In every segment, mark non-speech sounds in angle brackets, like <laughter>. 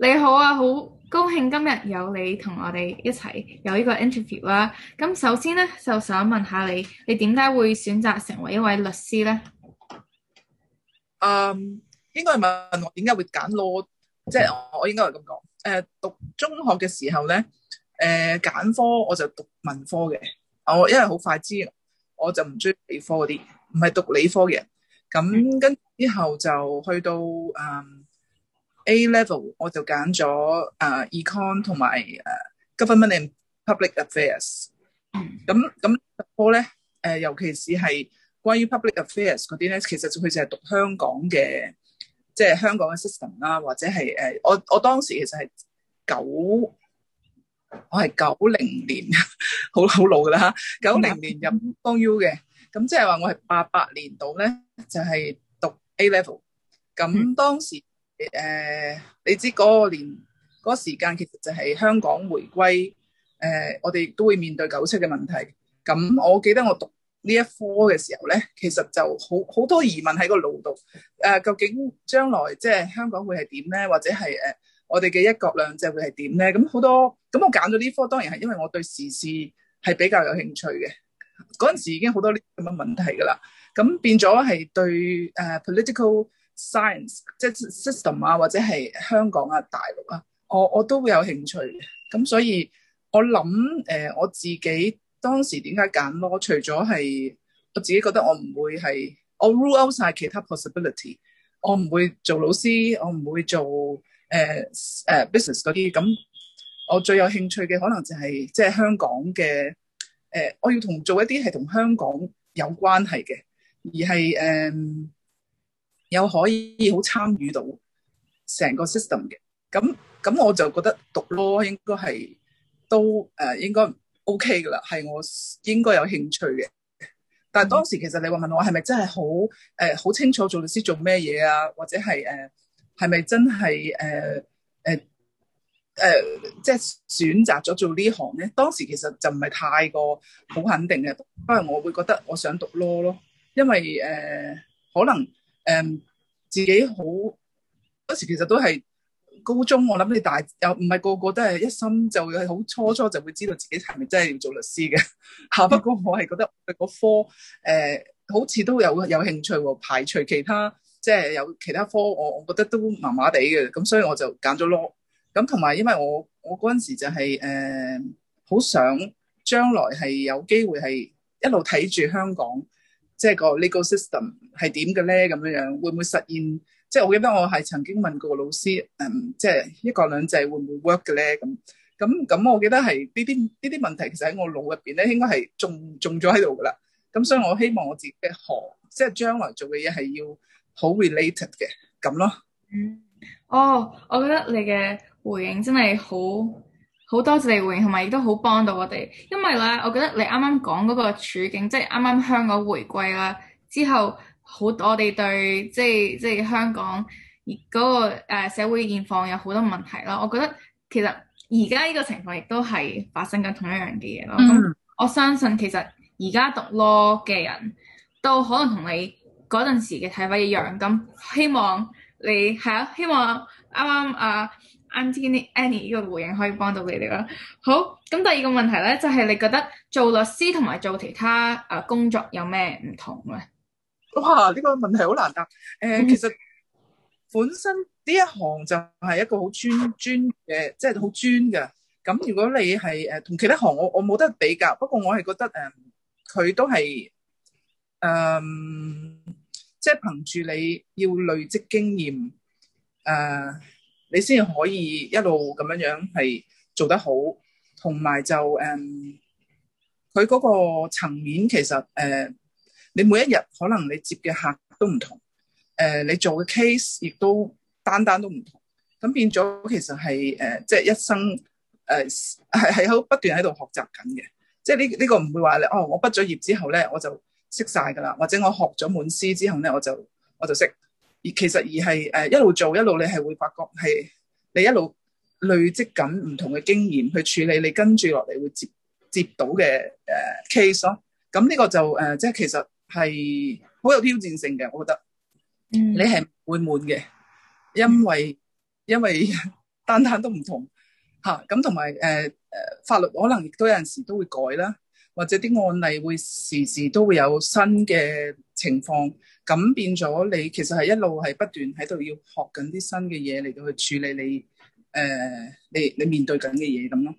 你好啊，好高興今日有你同我哋一齊有呢個 interview 啦。咁首先咧，就想問下你，你點解會選擇成為一位律師咧？嗯，um, 應該係問我點解會揀 law，即係我應該係咁講。誒、呃，讀中學嘅時候咧，誒、呃，揀科我就讀文科嘅。我因為好快知，我就唔中意理科嗰啲，唔係讀理科嘅。咁跟住之後就去到嗯。呃 A level 我就揀咗啊 econ 同埋誒 government and public affairs。咁咁多咧誒，尤其是係關於 public affairs 嗰啲咧，其實佢就係讀香港嘅，即係香港嘅 system 啦，或者係誒我我當時其實係九，我係九零年，好老好老㗎啦，九零年入 U 嘅。咁即係話我係八八年度咧，就係讀 A level。咁當時。誒、呃，你知嗰個年嗰、嗰個時間，其實就係香港回歸。誒、呃，我哋都會面對九七嘅問題。咁我記得我讀呢一科嘅時候咧，其實就好好多疑問喺個腦度。誒、呃，究竟將來即係香港會係點咧，或者係誒、呃、我哋嘅一國兩制會係點咧？咁好多咁我揀咗呢科，當然係因為我對時事係比較有興趣嘅。嗰陣時已經好多呢咁嘅問題噶啦。咁變咗係對誒、呃、political。science 即係 system 啊，或者係香港啊、大陸啊，我我都會有興趣。咁所以我諗誒、呃，我自己當時點解揀咯？除咗係我自己覺得我唔會係我 rule out 晒其他 possibility，我唔會做老師，我唔會做誒誒、呃呃、business 嗰啲。咁我最有興趣嘅可能就係、是、即係香港嘅誒、呃，我要同做一啲係同香港有關係嘅，而係誒。呃有可以好參與到成個 system 嘅，咁咁我就覺得讀 law 應該係都誒、呃、應該 OK 㗎啦，係我應該有興趣嘅。但係當時其實你話問我係咪真係好誒好清楚做律師做咩嘢啊，或者係誒係咪真係誒誒誒即係選擇咗做呢行咧？當時其實就唔係太過好肯定嘅，因為我會覺得我想讀 law 咯，因為誒、呃、可能誒。呃自己好嗰時其實都係高中，我諗你大又唔係個個都係一心就會好初初就會知道自己係咪真係要做律師嘅嚇。 <laughs> 不過我係覺得對嗰科誒好似都有有興趣喎、哦。排除其他即係、就是、有其他科，我我覺得都麻麻地嘅咁，所以我就揀咗咯。a 咁同埋因為我我嗰陣時就係誒好想將來係有機會係一路睇住香港。即係個 legal system 係點嘅咧？咁樣樣會唔會實現？即係我記得我係曾經問過個老師，嗯，即係一國兩制會唔會 work 嘅咧？咁咁咁，我記得係呢啲呢啲問題其實喺我腦入邊咧，應該係種種咗喺度㗎喇。咁所以我希望我自己學，即係將來做嘅嘢係要好 related 嘅咁咯。嗯，哦，我覺得你嘅回應真係好～好多謝你回應，同埋亦都好幫到我哋。因為咧，我覺得你啱啱講嗰個處境，即係啱啱香港回歸啦，之後好多我哋對即係即係香港嗰個社會現況有好多問題囉。我覺得其實而家呢個情況亦都係發生緊同一樣嘅嘢咯。咁、嗯、我相信其實而家讀 law 嘅人都可能同你嗰陣時嘅睇法一樣，咁希望你係啊，希望啱啱啊。呃啱啱啲 any 呢個回應可以幫到你哋啦。好，咁第二個問題咧，就係、是、你覺得做律師同埋做其他誒、呃、工作有咩唔同咧？哇！呢、這個問題好難答。誒、呃， <laughs> 其實本身呢一行就係一個好專專嘅，即係好專嘅。咁、就是、如果你係誒同其他行我，我我冇得比較。不過我係覺得誒，佢、呃、都係誒，即、呃、係、就是、憑住你要累積經驗誒。呃你先可以一路咁樣樣係做得好，同埋就誒，佢、嗯、嗰個層面其實誒、呃，你每一日可能你接嘅客都唔同，誒、呃、你做嘅 case 亦都單單都唔同，咁變咗其實係誒、呃就是呃，即係一生誒係係好不斷喺度學習緊嘅，即係呢呢個唔會話你哦，我畢咗業之後咧我就識晒㗎啦，或者我學咗滿師之後咧我就我就識。而其實而係誒一路做一路，你係會發覺係你一路累積緊唔同嘅經驗去處理，你跟住落嚟會接接到嘅誒、呃、case 咯、哦。咁、嗯、呢個就誒、呃、即係其實係好有挑戰性嘅，我覺得。嗯，你係會悶嘅，因為、嗯、因為單單都唔同嚇，咁同埋誒誒法律可能亦都有陣時都會改啦。或者啲案例會時時都會有新嘅情況，咁變咗你其實係一路係不斷喺度要學緊啲新嘅嘢嚟到去處理你誒、呃、你你面對緊嘅嘢咁咯。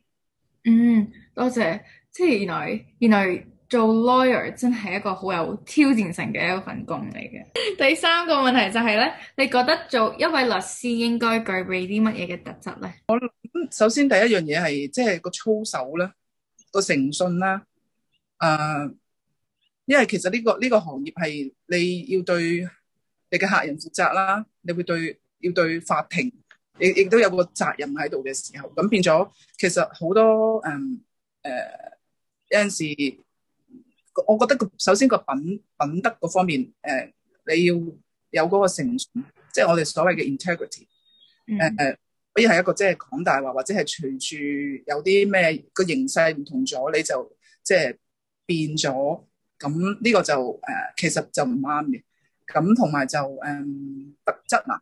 嗯，多謝。即係原來原來做 lawyer 真係一個好有挑戰性嘅一份工嚟嘅。 <laughs> 第三個問題就係咧，你覺得做一位律師應該具備啲乜嘢嘅特質咧？我首先第一樣嘢係即係個操守啦，個誠信啦。誒，uh, 因為其實呢、這個呢、這個行業係你要對你嘅客人負責啦，你會對要對法庭亦亦都有個責任喺度嘅時候，咁變咗其實好多誒誒、嗯呃、有陣時，我覺得個首先個品品德嗰方面誒、呃，你要有嗰個誠信，即、就、係、是、我哋所謂嘅 integrity、嗯。誒誒、呃，可以係一個即係講大話，或者係隨住有啲咩個形勢唔同咗，你就即、就、係、是。變咗，咁呢個就誒、呃，其實就唔啱嘅。咁同埋就誒、呃、特質啊，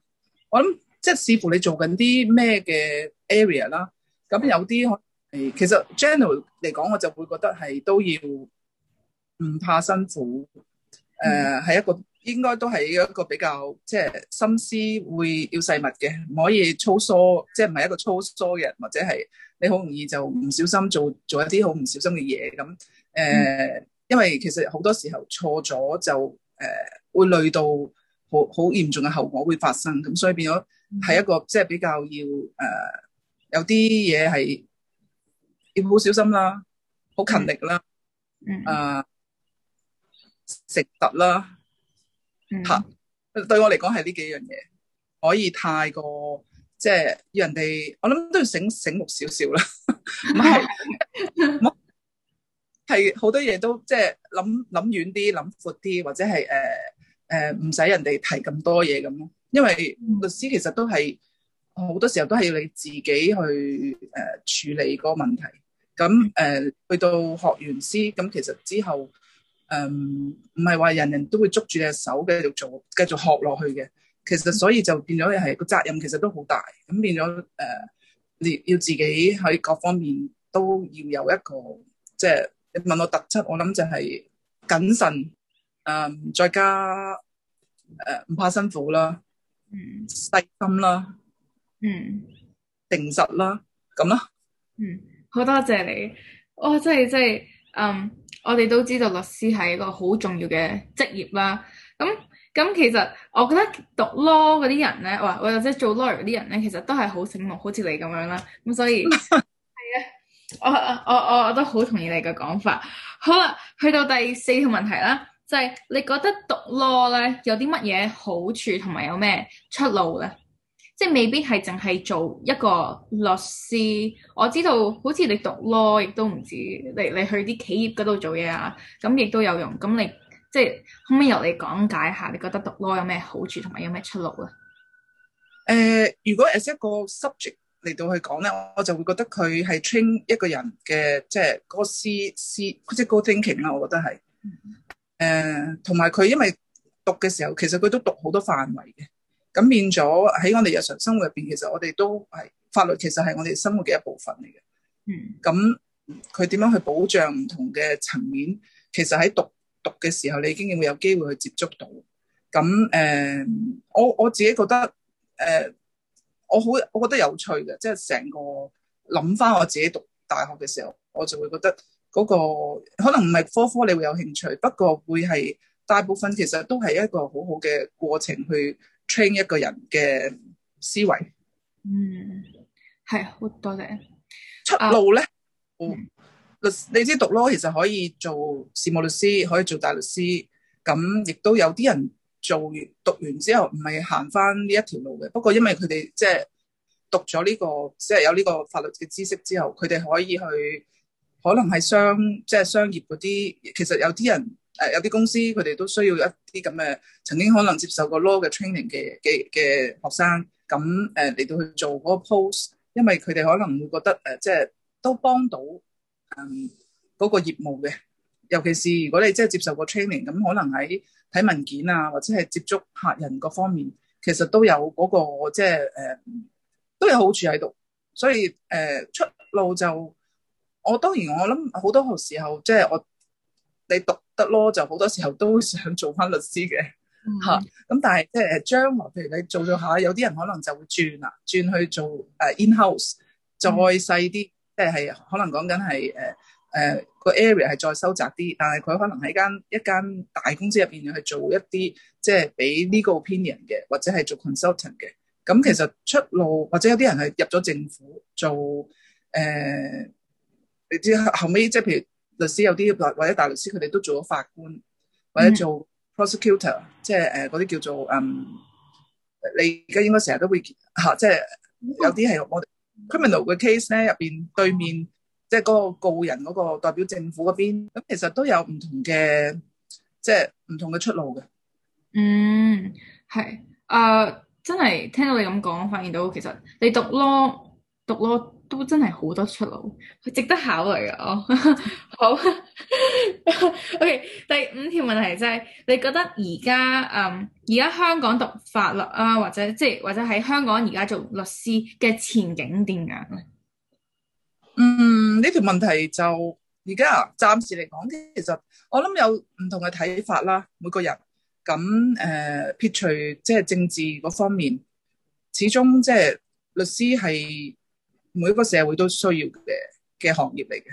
我諗即係視乎你做緊啲咩嘅 area 啦。咁有啲係其實 general 嚟講，我就會覺得係都要唔怕辛苦。誒、呃，係、嗯、一個應該都係一個比較即係心思會要細密嘅，唔可以粗疏，即係唔係一個粗疏嘅人，或者係。你好容易就唔小心做做一啲好唔小心嘅嘢，咁誒，呃嗯、因為其實好多時候錯咗就誒、呃、會累到好好嚴重嘅後果會發生，咁所以變咗係一個、嗯、即係比較要誒、呃，有啲嘢係要好小心啦，好勤力啦，誒誠實啦，嚇、嗯啊、對我嚟講係呢幾樣嘢，可以太過。即係、就是、要人哋，我諗都要醒醒目少少啦。唔係， <laughs> <laughs> 係好多嘢，都即係諗諗遠啲、諗闊啲，或者係誒誒唔使人哋提咁多嘢咁咯。因為律師其實都係好多時候都係要你自己去誒、呃、處理個問題。咁誒、呃、去到學完師，咁其實之後，嗯、呃，唔係話人人都會捉住你手繼續做，繼續學落去嘅。其實所以就變咗你係個責任，其實都好大，咁變咗誒，你要自己喺各方面都要有一個即係你問我特質，我諗就係謹慎，誒再加誒唔怕辛苦啦，嗯，細心啦，嗯，定實啦，咁啦，嗯，好多謝你，哇真係真係，嗯，我哋都知道律師係一個好重要嘅職業啦，咁。咁其實我覺得讀 law 嗰啲人咧，或或者做 law 嗰啲人咧，其實都係好醒目，好似你咁樣啦。咁所以係啊， <laughs> 我我我我都好同意你嘅講法。好啦，去到第四條問題啦，就係你覺得讀 law 咧有啲乜嘢好處同埋有咩出路咧？即係未必係淨係做一個律師。我知道好似你讀 law 亦都唔止，你你去啲企業嗰度做嘢啊，咁亦都有用。咁你。即係可唔可以由你講解下，你覺得讀 law 有咩好處，同埋有咩出路咧？誒、呃，如果 as 一個 subject 嚟到去講咧，我就會覺得佢係 train 一個人嘅，即係個思思或者個 thinking 啦。我覺得係誒，同埋佢因為讀嘅時候，其實佢都讀好多範圍嘅，咁變咗喺我哋日常生活入邊，其實我哋都係法律，其實係我哋生活嘅一部分嚟嘅。嗯，咁佢點樣去保障唔同嘅層面？其實喺讀。讀嘅時候，你已經會有機會去接觸到。咁誒、呃，我我自己覺得誒、呃，我好，我覺得有趣嘅，即係成個諗翻我自己讀大學嘅時候，我就會覺得嗰個可能唔係科科你會有興趣，不過會係大部分其實都係一個好好嘅過程去 train 一個人嘅思維。嗯，係，好多謝。出路咧，uh, 嗯。你知讀 law，其實可以做事務律師，可以做大律師。咁亦都有啲人做讀完之後唔係行返呢一條路嘅。不過因為佢哋即係讀咗呢、這個，即、就、係、是、有呢個法律嘅知識之後，佢哋可以去可能係商即係、就是、商業嗰啲。其實有啲人誒，有啲公司佢哋都需要一啲咁嘅曾經可能接受過 law 嘅 training 嘅嘅嘅學生。咁誒嚟到去做嗰個 post，因為佢哋可能會覺得誒、呃，即係都幫到。嗯，嗰、那個業務嘅，尤其是如果你即係接受過 training，咁可能喺睇文件啊，或者係接觸客人各方面，其實都有嗰、那個即係誒、呃、都有好處喺度。所以誒、呃、出路就，我當然我諗好多時候即係我你讀得咯，就好多時候都想做翻律師嘅吓。咁、嗯 <laughs> 嗯嗯、但係即係誒將來譬如你做咗下，有啲人可能就會轉啦，轉去做誒、uh, in-house 再細啲。嗯即係可能講緊係誒誒個 area 係再收窄啲，但係佢可能喺間一間大公司入邊去做一啲即係俾呢個 opinion 嘅，或者係做 consultant 嘅。咁、嗯、其實出路或者有啲人係入咗政府做誒、呃、你知後尾即係譬如律師有啲或者大律師佢哋都做咗法官，或者做 prosecutor，即係誒啲叫做嗯，你而家應該成日都會吓、啊、即係有啲係我。嗯 criminal 嘅 case 咧，入邊對面、嗯、即係嗰個告人嗰個代表政府嗰邊，咁其實都有唔同嘅，即係唔同嘅出路嘅。嗯，係，啊、呃，真係聽到你咁講，發現到其實你讀 law。讀咯，都真係好多出路，值得考慮嘅哦。 <laughs> 好 <laughs> ，OK，第五條問題就係、是，你覺得而家嗯，而家香港讀法律啊，或者即係或者喺香港而家做律師嘅前景點樣咧？嗯，呢條問題就而家暫時嚟講，其實我諗有唔同嘅睇法啦，每個人。咁、呃、誒，撇除即係政治嗰方面，始終即係律師係。每一個社會都需要嘅嘅行業嚟嘅，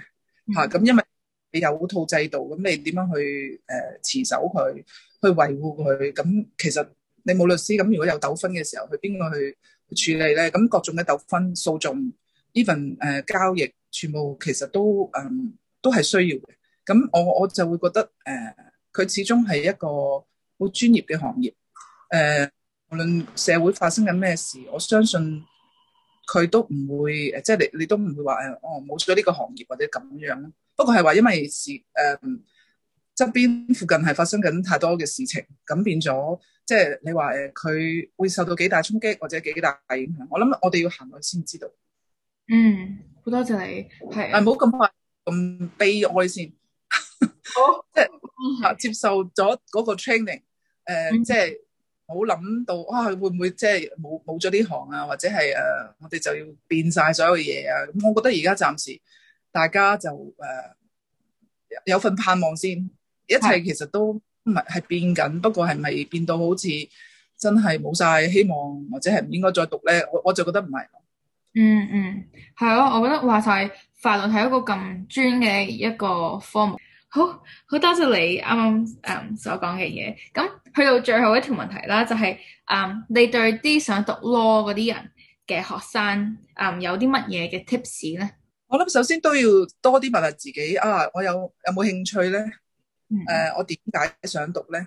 吓、嗯、咁、嗯嗯，因為你有套制度，咁你點樣去誒、呃、持守佢，去維護佢？咁其實你冇律師，咁如果有糾紛嘅時候，去邊個去處理咧？咁各種嘅糾紛、訴訟、even 誒交易，全部其實都誒、嗯、都係需要嘅。咁我我就會覺得誒，佢、呃、始終係一個好專業嘅行業。誒、呃，無論社會發生緊咩事，我相信。佢都唔會誒，即係你你都唔會話誒，哦冇咗呢個行業或者咁樣咯。不過係話因為事誒側邊附近係發生緊太多嘅事情，咁變咗即係你話誒，佢、呃、會受到幾大衝擊或者幾大影響。我諗我哋要行落先知道。嗯，好多謝你，係啊，唔好咁快咁悲哀先。好，即係接受咗嗰個 training 誒、呃，即係、嗯。嗯。冇諗到啊！會唔會即係冇冇咗呢行啊？或者係誒、啊，我哋就要變晒所有嘢啊？我覺得而家暫時大家就誒、啊、有份盼望先，一切其實都唔係係變緊，不過係咪變到好似真係冇晒希望，或者係唔應該再讀咧？我我就覺得唔係、嗯。嗯嗯，係咯，我覺得話晒，法律係一個咁專嘅一個科目。好，好多謝你啱啱誒所講嘅嘢。咁去到最後一條問題啦，就係、是、誒、um, 你對啲想讀 law 嗰啲人嘅學生誒、um, 有啲乜嘢嘅 tips 咧？我諗首先都要多啲問下自己啊，我有有冇興趣咧？誒、啊，我點解想讀咧？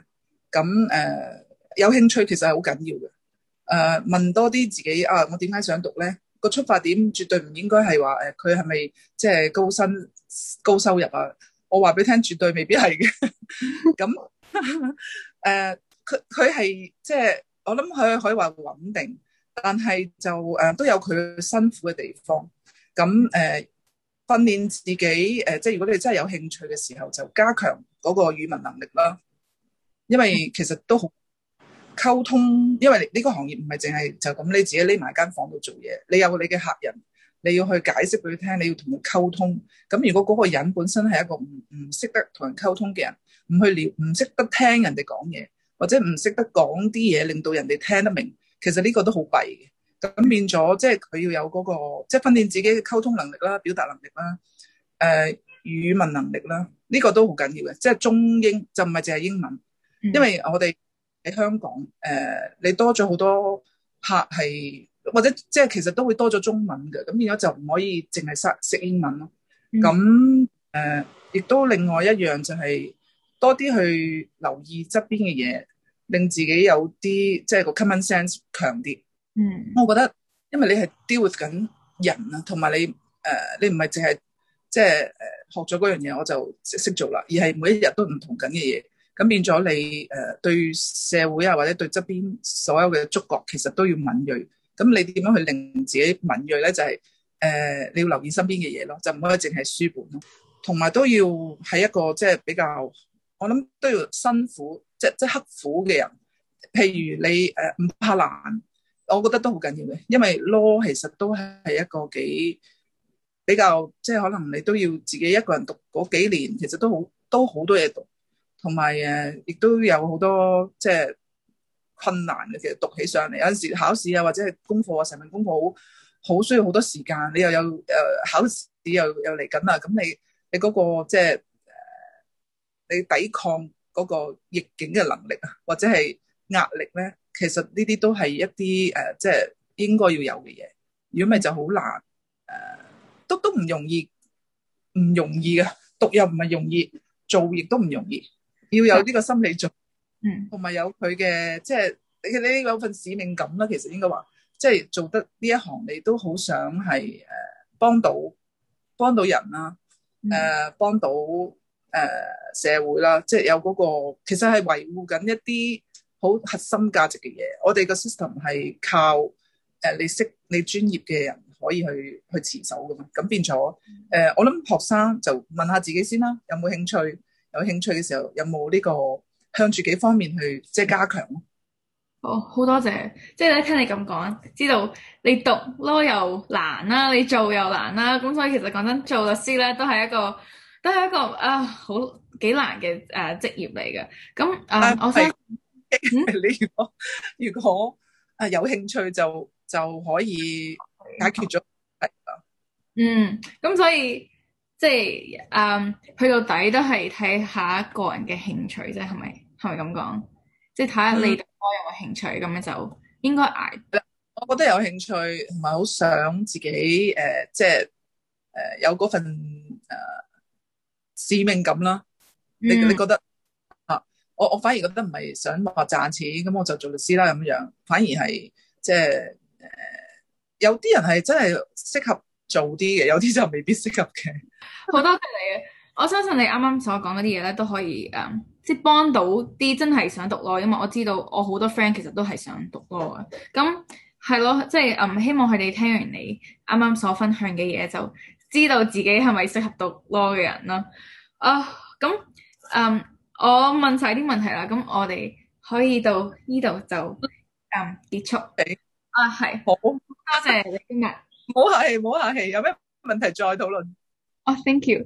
咁、啊、誒有興趣其實係好緊要嘅。誒、啊、問多啲自己啊，我點解想讀咧？個出發點絕對唔應該係話誒佢係咪即係高薪高收入啊？我話俾你聽，絕對未必係嘅。咁， <laughs> 誒、呃，佢佢係即係，我諗佢可以話穩定，但係就誒、呃、都有佢辛苦嘅地方。咁誒，訓、呃、練自己，誒、呃，即係如果你真係有興趣嘅時候，就加強嗰個語文能力啦。因為其實都好溝通，因為呢個行業唔係淨係就咁，你自己匿埋間房度做嘢，你有你嘅客人。你要去解釋俾佢聽，你要同佢溝通。咁如果嗰個人本身係一個唔唔識得同人溝通嘅人，唔去了唔識得聽人哋講嘢，或者唔識得講啲嘢令到人哋聽得明，其實呢個都好弊嘅。咁變咗即係佢要有嗰、那個，即係訓練自己嘅溝通能力啦、表達能力啦、誒、呃、語文能力啦，呢、這個都好緊要嘅。即係中英就唔係淨係英文，嗯、因為我哋喺香港誒、呃，你多咗好多客係。或者即係其實都會多咗中文嘅咁，變咗就唔可以淨係識英文咯。咁誒、嗯，亦、呃、都另外一樣就係、是、多啲去留意側邊嘅嘢，令自己有啲即係個 common sense 強啲。嗯，我覺得因為你係 deal with 緊人啊，同埋你誒、呃、你唔係淨係即係學咗嗰樣嘢我就識識做啦，而係每一日都唔同緊嘅嘢，咁變咗你誒、呃、對社會啊，或者對側邊所有嘅觸覺，其實都要敏鋭。咁你點樣去令自己敏鋭咧？就係、是、誒、呃、你要留意身邊嘅嘢咯，就唔可以淨係書本咯，同埋都要係一個即係、就是、比較，我諗都要辛苦，即即刻苦嘅人。譬如你誒唔、呃、怕難，我覺得都好緊要嘅，因為 law 其實都係一個幾比較，即、就、係、是、可能你都要自己一個人讀嗰幾年，其實都好都好多嘢讀，同埋誒亦都有好多即係。就是困難嘅，其實讀起上嚟有陣時考試啊，或者係功課啊，成份功課好，好需要好多時間。你又有誒、呃、考試又又嚟緊啦，咁你你嗰、那個即係誒，你抵抗嗰個逆境嘅能力啊，或者係壓力咧，其實呢啲都係一啲誒，即、呃、係、就是、應該要有嘅嘢。如果咪就好難，誒、呃、都都唔容易，唔容易呀，讀又唔係容易，做亦都唔容易，要有呢個心理做。嗯，同埋有佢嘅即係你你有份使命感啦，其實應該話即係做得呢一行，你都好想係誒幫到幫到人啦、啊，誒幫、嗯呃、到誒、呃、社會啦、啊，即、就、係、是、有嗰、那個其實係維護緊一啲好核心價值嘅嘢。我哋個 system 係靠誒、呃、你識你專業嘅人可以去去持守噶嘛，咁變咗誒、呃、我諗學生就問下自己先啦，有冇興趣？有興趣嘅時候有冇呢、這個？向住幾方面去即係加強咯，嗯。好，好多謝。即係咧，聽你咁講，知道你讀咯又難啦、啊，你做又難啦、啊。咁所以其實講真，做律師咧都係一個都係一個啊好幾難嘅誒、啊、職業嚟嘅。咁誒，我想，嗯，如果如果啊有興趣就就可以解決咗。嗯。咁所以即係誒、啊、去到底都係睇下個人嘅興趣啫，係咪？係咪咁講？即係睇下你對我有冇興趣，咁、嗯、樣就應該挨。我覺得有興趣，唔係好想自己誒、呃，即係誒、呃、有嗰份誒、呃、使命感啦。嗯、你你覺得啊？我我反而覺得唔係想話賺錢，咁我就做律師啦咁樣。反而係即係誒、呃，有啲人係真係適合做啲嘅，有啲就未必適合嘅。 <laughs> 好多謝你。我相信你啱啱所講嗰啲嘢咧都可以誒、嗯，即係幫到啲真係想讀 law，因為我知道我好多 friend 其實都係想讀 law 嘅。咁係咯，即係誒、嗯、希望佢哋聽完你啱啱所分享嘅嘢，就知道自己係咪適合讀 law 嘅人啦。啊，咁、嗯、誒、嗯，我問晒啲問題啦，咁我哋可以到呢度就誒、嗯、結束。哎、啊，係，好，多謝你今日。唔好 <laughs> 客氣，唔好客氣，有咩問題再討論。哦、oh,，thank you。